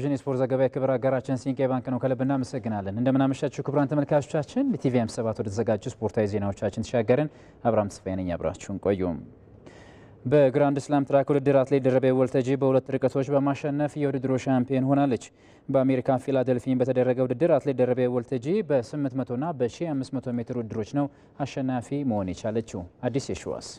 ቴሌቪዥን የስፖርት ዘገባ የክብር አጋራችን ሲንቄ ባንክ ነው። ከልብ እናመሰግናለን። እንደምናመሻችሁ ክቡራን ተመልካቾቻችን ለቲቪ ቲቪ 57 ወደተዘጋጁ ስፖርታዊ ዜናዎቻችን ተሻገርን። አብርሃም ተስፋዬ ነኝ። አብራችሁን ቆዩም። በግራንድ ስላም ትራክ ውድድር አትሌት ደረቤ ወልተጂ በሁለት ርቀቶች በማሸነፍ የውድድሩ ሻምፒዮን ሆናለች። በአሜሪካ ፊላደልፊን በተደረገ ውድድር አትሌት ደረቤ ወልተጂ በ800ና በ1500 ሜትር ውድድሮች ነው አሸናፊ መሆን የቻለችው። አዲስ የሸዋስ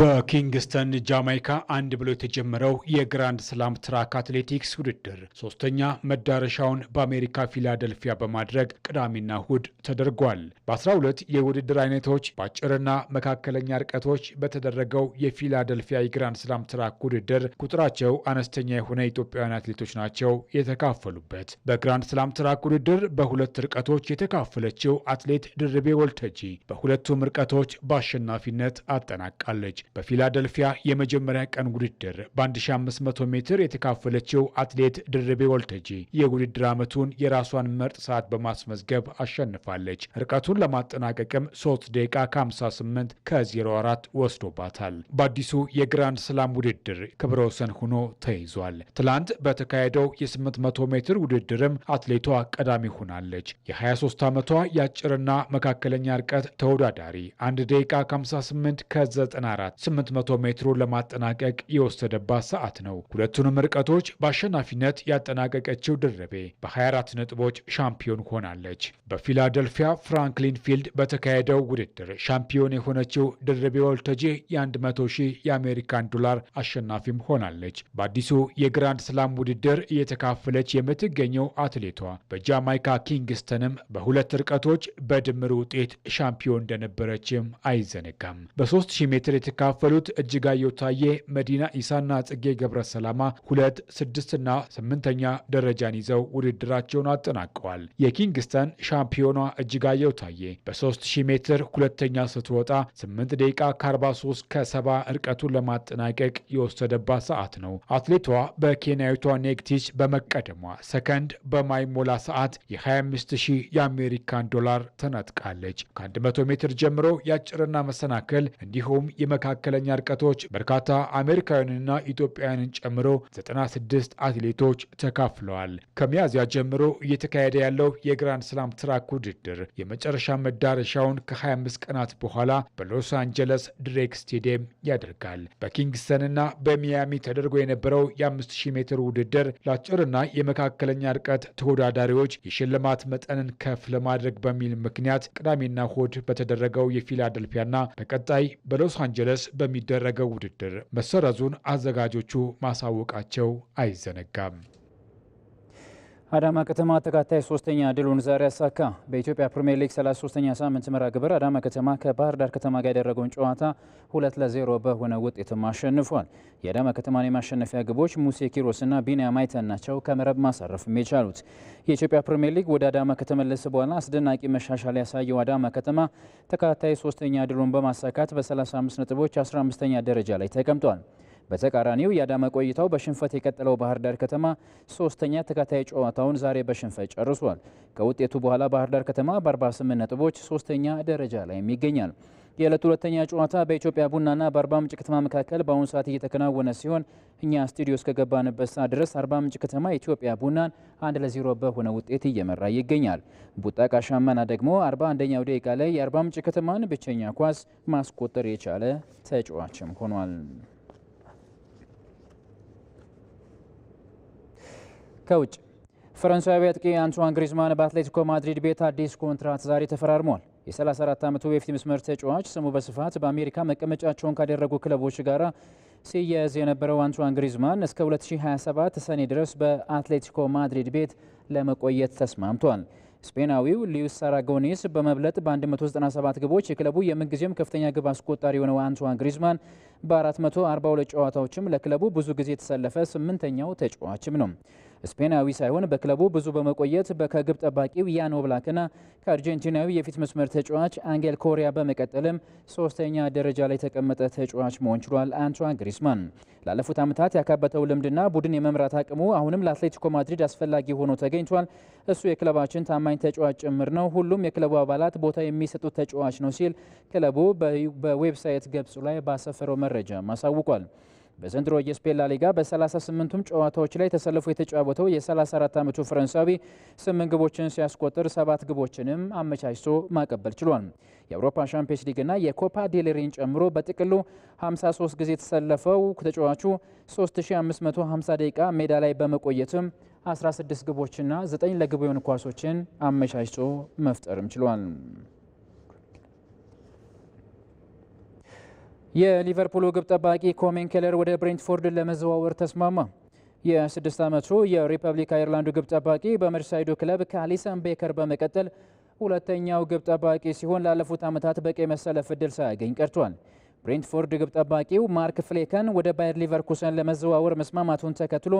በኪንግስተን ጃማይካ አንድ ብሎ የተጀመረው የግራንድ ስላም ትራክ አትሌቲክስ ውድድር ሶስተኛ መዳረሻውን በአሜሪካ ፊላደልፊያ በማድረግ ቅዳሜና እሁድ ተደርጓል። በ12 የውድድር አይነቶች በአጭርና መካከለኛ ርቀቶች በተደረገው የፊላደልፊያ የግራንድ ስላም ትራክ ውድድር ቁጥራቸው አነስተኛ የሆነ ኢትዮጵያውያን አትሌቶች ናቸው የተካፈሉበት። በግራንድ ስላም ትራክ ውድድር በሁለት ርቀቶች የተካፈለችው አትሌት ድርቤ ወልተጂ በሁለቱም ርቀቶች በአሸናፊነት አጠናቃለች። በፊላደልፊያ የመጀመሪያ ቀን ውድድር በ1500 ሜትር የተካፈለችው አትሌት ድርቤ ወልተጂ የውድድር ዓመቱን የራሷን ምርጥ ሰዓት በማስመዝገብ አሸንፋለች። ርቀቱን ለማጠናቀቅም 3 ደቂቃ ከ58 ከ04 ወስዶባታል። በአዲሱ የግራንድ ስላም ውድድር ክብረ ወሰን ሆኖ ተይዟል። ትላንት በተካሄደው የ800 ሜትር ውድድርም አትሌቷ ቀዳሚ ሆናለች። የ23 ዓመቷ የአጭርና መካከለኛ ርቀት ተወዳዳሪ 1 ደቂቃ 58 ከ94 800 ሜትሩን ለማጠናቀቅ የወሰደባት ሰዓት ነው። ሁለቱንም ርቀቶች በአሸናፊነት ያጠናቀቀችው ድርቤ በ24 ነጥቦች ሻምፒዮን ሆናለች። በፊላደልፊያ ፍራንክሊን ፊልድ በተካሄደው ውድድር ሻምፒዮን የሆነችው ድርቤ ወልተጂ የ100 ሺህ የአሜሪካን ዶላር አሸናፊም ሆናለች። በአዲሱ የግራንድ ስላም ውድድር እየተካፈለች የምትገኘው አትሌቷ በጃማይካ ኪንግስተንም በሁለት ርቀቶች በድምር ውጤት ሻምፒዮን እንደነበረችም አይዘነጋም። በ3000 ሜትር የተካፈሉት እጅጋየው ታዬ፣ መዲና ኢሳና ጽጌ ገብረሰላማ ሁለት ስድስትና ስምንተኛ ደረጃን ይዘው ውድድራቸውን አጠናቀዋል። የኪንግስተን ሻምፒዮኗ እጅጋየው ታዬ በ3000 ሜትር ሁለተኛ ስትወጣ 8 ደቂቃ ከ43 ከ70 እርቀቱን ለማጠናቀቅ የወሰደባት ሰዓት ነው። አትሌቷ በኬንያዊቷ ኔግቲች በመቀደሟ ሰከንድ በማይሞላ ሰዓት የ25000 የአሜሪካን ዶላር ተነጥቃለች። ከ100 ሜትር ጀምሮ የአጭርና መሰናከል እንዲሁም የመካ መካከለኛ ርቀቶች በርካታ አሜሪካውያንና ኢትዮጵያውያንን ጨምሮ 96 አትሌቶች ተካፍለዋል። ከሚያዝያ ጀምሮ እየተካሄደ ያለው የግራንድ ስላም ትራክ ውድድር የመጨረሻ መዳረሻውን ከ25 ቀናት በኋላ በሎስ አንጀለስ ድሬክ ስቴዲየም ያደርጋል። በኪንግስተንና በሚያሚ ተደርጎ የነበረው የ5000 ሜትር ውድድር ለአጭርና የመካከለኛ ርቀት ተወዳዳሪዎች የሽልማት መጠንን ከፍ ለማድረግ በሚል ምክንያት ቅዳሜና እሁድ በተደረገው የፊላደልፊያና በቀጣይ በሎስ አንጀለስ ድረስ በሚደረገው ውድድር መሰረዙን አዘጋጆቹ ማሳወቃቸው አይዘነጋም። አዳማ ከተማ ተካታይ ሶስተኛ ድሉን ዛሬ አሳካ በኢትዮጵያ ፕሪምየር ሊግ 33ኛ ሳምንት መርሃ ግብር አዳማ ከተማ ከባህር ዳር ከተማ ጋር ያደረገውን ጨዋታ ሁለት ለዜሮ በሆነ ውጤትም አሸንፏል። የአዳማ ከተማን የማሸነፊያ ግቦች ሙሴ ኪሮስና ቢንያም ማይተን ናቸው ከመረብ ማሳረፍም የቻሉት። የኢትዮጵያ ፕሪምየር ሊግ ወደ አዳማ ከተመለሰ በኋላ አስደናቂ መሻሻል ያሳየው አዳማ ከተማ ተካታይ ሶስተኛ ድሉን በማሳካት በ35 ነጥቦች 15ኛ ደረጃ ላይ ተቀምጧል። በተቃራኒው የአዳማ ቆይታው በሽንፈት የቀጠለው ባህር ዳር ከተማ ሶስተኛ ተከታይ ጨዋታውን ዛሬ በሽንፈት ጨርሷል። ከውጤቱ በኋላ ባህር ዳር ከተማ በ48 ነጥቦች ሶስተኛ ደረጃ ላይ ይገኛል። የዕለት ሁለተኛ ጨዋታ በኢትዮጵያ ቡናና በአርባ ምንጭ ከተማ መካከል በአሁኑ ሰዓት እየተከናወነ ሲሆን እኛ ስቱዲዮ እስከገባንበት ሰዓት ድረስ አርባ ምንጭ ከተማ ኢትዮጵያ ቡናን አንድ ለዜሮ በሆነ ውጤት እየመራ ይገኛል። ቡጣቃ ሻመና ደግሞ አርባ አንደኛው ደቂቃ ላይ የአርባ ምንጭ ከተማን ብቸኛ ኳስ ማስቆጠር የቻለ ተጫዋችም ሆኗል። ከውጭ ፈረንሳዊ አጥቂ አንቷን ግሪዝማን በአትሌቲኮ ማድሪድ ቤት አዲስ ኮንትራት ዛሬ ተፈራርሟል። የ34 ዓመቱ የፊት መስመር ተጫዋች ስሙ በስፋት በአሜሪካ መቀመጫቸውን ካደረጉ ክለቦች ጋር ሲያያዝ የነበረው አንቷን ግሪዝማን እስከ 2027 ሰኔ ድረስ በአትሌቲኮ ማድሪድ ቤት ለመቆየት ተስማምቷል። ስፔናዊው ሊዩስ ሳራጎኒስ በመብለጥ በ197 ግቦች የክለቡ የምንጊዜም ከፍተኛ ግብ አስቆጣሪ የሆነው አንቷን ግሪዝማን በ442 ጨዋታዎችም ለክለቡ ብዙ ጊዜ የተሰለፈ ስምንተኛው ተጫዋችም ነው። ስፔናዊ ሳይሆን በክለቡ ብዙ በመቆየት ከግብ ጠባቂው ያን ኦብላክና ከአርጀንቲናዊ የፊት መስመር ተጫዋች አንጌል ኮሪያ በመቀጠልም ሶስተኛ ደረጃ ላይ የተቀመጠ ተጫዋች መሆን ችሏል። አንቷን ግሪስማን ላለፉት ዓመታት ያካበተው ልምድና ቡድን የመምራት አቅሙ አሁንም ለአትሌቲኮ ማድሪድ አስፈላጊ ሆኖ ተገኝቷል። እሱ የክለባችን ታማኝ ተጫዋች ጭምር ነው። ሁሉም የክለቡ አባላት ቦታ የሚሰጡት ተጫዋች ነው ሲል ክለቡ በዌብሳይት ገጹ ላይ ባሰፈረው መረጃ አሳውቋል። በዘንድሮ የስፔን ላሊጋ በ38ቱም ጨዋታዎች ላይ ተሰልፎ የተጫወተው የ34 ዓመቱ ፈረንሳዊ ስምንት ግቦችን ሲያስቆጥር ሰባት ግቦችንም አመቻችቶ ማቀበል ችሏል። የአውሮፓ ሻምፒየንስ ሊግና የኮፓ ዴልሬን ጨምሮ በጥቅሉ 53 ጊዜ የተሰለፈው ተጫዋቹ 3550 ደቂቃ ሜዳ ላይ በመቆየትም 16 ግቦችና 9 ለግብ የሆኑ ኳሶችን አመቻችቶ መፍጠርም ችሏል። የሊቨርፑሉ ግብ ጠባቂ ኮሜን ኬለር ወደ ብሬንትፎርድ ለመዘዋወር ተስማማ። የስድስት ዓመቱ የሪፐብሊክ አይርላንዱ ግብ ጠባቂ በመርሳይዱ ክለብ ከአሊሰን ቤከር በመቀጠል ሁለተኛው ግብ ጠባቂ ሲሆን ላለፉት ዓመታት በቂ መሰለፍ እድል ሳያገኝ ቀርቷል። ብሬንትፎርድ ግብ ጠባቂው ማርክ ፍሌከን ወደ ባየር ሊቨርኩሰን ለመዘዋወር መስማማቱን ተከትሎ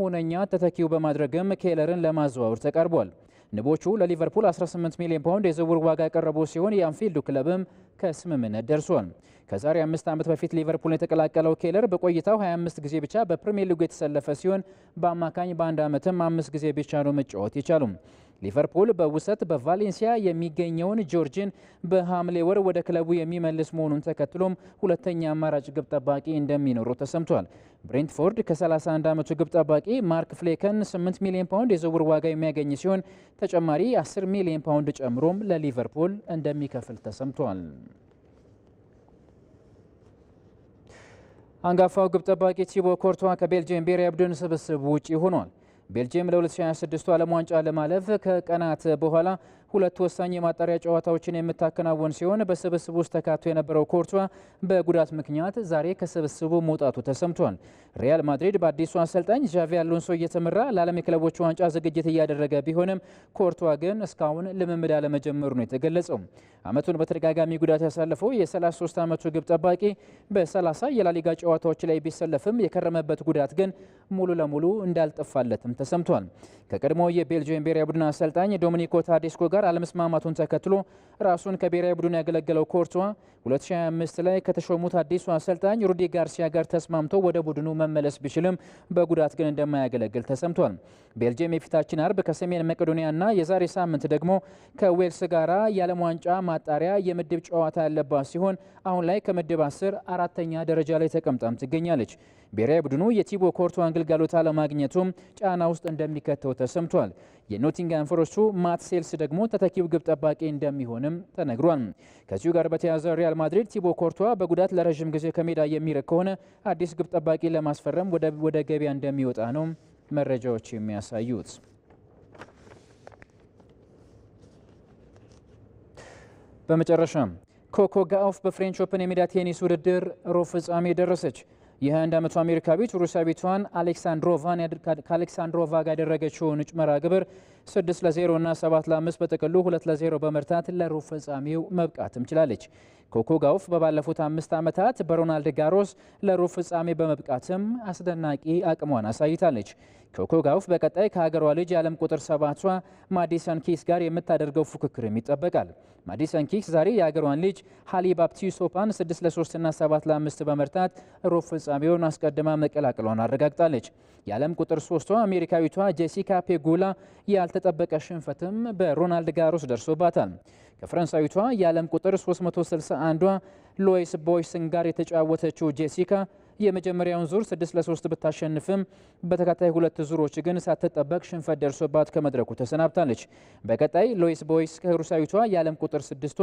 ሁነኛ ተተኪው በማድረግም ኬለርን ለማዘዋወር ተቀርቧል። ንቦቹ ለሊቨርፑል 18 ሚሊዮን ፓውንድ የዝውውር ዋጋ ያቀረቡ ሲሆን የአንፊልዱ ክለብም ከስምምነት ደርሷል። ከዛሬ አምስት ዓመት በፊት ሊቨርፑል የተቀላቀለው ኬለር በቆይታው 25 ጊዜ ብቻ በፕሪምየር ሊጉ የተሰለፈ ሲሆን በአማካኝ በአንድ ዓመትም አምስት ጊዜ ብቻ ነው መጫወት የቻሉም። ሊቨርፑል በውሰት በቫሌንሲያ የሚገኘውን ጆርጅን በሐምሌ ወር ወደ ክለቡ የሚመልስ መሆኑን ተከትሎም ሁለተኛ አማራጭ ግብ ጠባቂ እንደሚኖሩ ተሰምቷል። ብሬንትፎርድ ከ31 ዓመቱ ግብ ጠባቂ ማርክ ፍሌከን 8 ሚሊዮን ፓውንድ የዝውውር ዋጋ የሚያገኝ ሲሆን ተጨማሪ 10 ሚሊዮን ፓውንድ ጨምሮም ለሊቨርፑል እንደሚከፍል ተሰምቷል። አንጋፋው ግብ ጠባቂ ቲቦ ኮርቷ ከቤልጅየም ብሔራዊ ቡድን ስብስብ ውጪ ሆኗል። ቤልጅየም ለ2026 ዓለም ዋንጫ ለማለፍ ከቀናት በኋላ ሁለት ወሳኝ የማጣሪያ ጨዋታዎችን የምታከናወን ሲሆን በስብስቡ ውስጥ ተካቶ የነበረው ኮርቷ በጉዳት ምክንያት ዛሬ ከስብስቡ መውጣቱ ተሰምቷል። ሪያል ማድሪድ በአዲሱ አሰልጣኝ ዣቪ አሎንሶ እየተመራ ለዓለም የክለቦች ዋንጫ ዝግጅት እያደረገ ቢሆንም ኮርቷ ግን እስካሁን ልምምድ አለመጀመሩ ነው የተገለጸው። ዓመቱን በተደጋጋሚ ጉዳት ያሳለፈው የ33 ዓመቱ ግብ ጠባቂ በ30 የላሊጋ ጨዋታዎች ላይ ቢሰለፍም የከረመበት ጉዳት ግን ሙሉ ለሙሉ እንዳልጠፋለትም ተሰምቷል። ከቀድሞ የቤልጅየም ብሔራዊ ቡድን አሰልጣኝ ዶሚኒኮ ታዲስኮ ጋር ጋር አለመስማማቱን ተከትሎ ራሱን ከብሔራዊ ቡድን ያገለገለው ኮርቷ 2025 ላይ ከተሾሙት አዲሱ አሰልጣኝ ሩዲ ጋርሲያ ጋር ተስማምቶ ወደ ቡድኑ መመለስ ቢችልም በጉዳት ግን እንደማያገለግል ተሰምቷል። ቤልጅየም የፊታችን አርብ ከሰሜን መቄዶኒያና የዛሬ ሳምንት ደግሞ ከዌልስ ጋር የዓለም ዋንጫ ማጣሪያ የምድብ ጨዋታ ያለባት ሲሆን አሁን ላይ ከምድብ አስር አራተኛ ደረጃ ላይ ተቀምጣም ትገኛለች። ብሔራዊ ቡድኑ የቲቦ ኮርቷን ግልጋሎት አለማግኘቱም ጫና ውስጥ እንደሚከተው ተሰምቷል። የኖቲንጋም ፎረስቱ ማት ሴልስ ደግሞ ተተኪው ግብ ጠባቂ እንደሚሆንም ተነግሯል። ከዚሁ ጋር በተያያዘ ሪያል ማድሪድ ቲቦ ኮርቷ በጉዳት ለረዥም ጊዜ ከሜዳ የሚርቅ ከሆነ አዲስ ግብ ጠባቂ ለማስፈረም ወደ ገበያ እንደሚወጣ ነው መረጃዎች የሚያሳዩት። በመጨረሻም ኮኮ ጋኦፍ በፍሬንች ኦፕን የሜዳ ቴኒስ ውድድር ሩብ ፍጻሜ ደረሰች። የአንድ ዓመቷ አሜሪካዊት ቤቷን አሌክሳንድሮቫን ከአሌክሳንድሮቫ ጋር ያደረገችውን እጭ ግብር 6 ለ0 እና 7 ለ5 በጥቅሉ 2 ለ0 በመርታት ለሩብ ፍጻሜው መብቃትም ችላለች። ኮኮ ጋውፍ በባለፉት አምስት ዓመታት በሮናልድ ጋሮስ ለሩብ ፍጻሜ በመብቃትም አስደናቂ አቅሟን አሳይታለች። ኮኮ ጋውፍ በቀጣይ ከሀገሯ ልጅ የዓለም ቁጥር ሰባቷ ማዲሰን ኪስ ጋር የምታደርገው ፉክክርም ይጠበቃል። ማዲሰን ኪስ ዛሬ የሀገሯን ልጅ ሃሊ ባፕቲስቶፓን 6 ለ3 እና 7 ለ5 በመርታት ሩብ ፍጻሜውን አስቀድማ መቀላቀሏን አረጋግጣለች። የዓለም ቁጥር ሶስቷ አሜሪካዊቷ ጄሲካ ፔጎላ ያልተጠበቀ ሽንፈትም በሮናልድ ጋሮስ ደርሶባታል። ከፈረንሳዊቷ የዓለም ቁጥር 361ዷ ሎይስ ቦይስን ጋር የተጫወተችው ጄሲካ የመጀመሪያውን ዙር 6 ለ3 ብታሸንፍም በተከታይ ሁለት ዙሮች ግን ሳትጠበቅ ሽንፈት ደርሶባት ከመድረኩ ተሰናብታለች። በቀጣይ ሎይስ ቦይስ ከሩሳዊቷ የዓለም ቁጥር ስድስቷ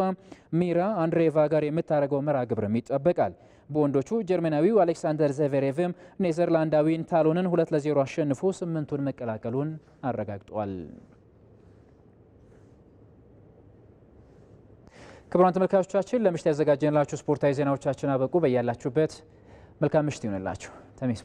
ሚራ አንድሬቫ ጋር የምታደርገው መርሃ ግብርም ይጠበቃል። በወንዶቹ ጀርመናዊው አሌክሳንደር ዘቬሬቭም ኔዘርላንዳዊን ታሎንን 2 ለ0 አሸንፎ ስምንቱን መቀላቀሉን አረጋግጧል። ክቡራን ተመልካቾቻችን ለምሽት ያዘጋጀንላችሁ ስፖርታዊ ዜናዎቻችን አበቁ። በያላችሁበት መልካም ምሽት ይሆንላችሁ።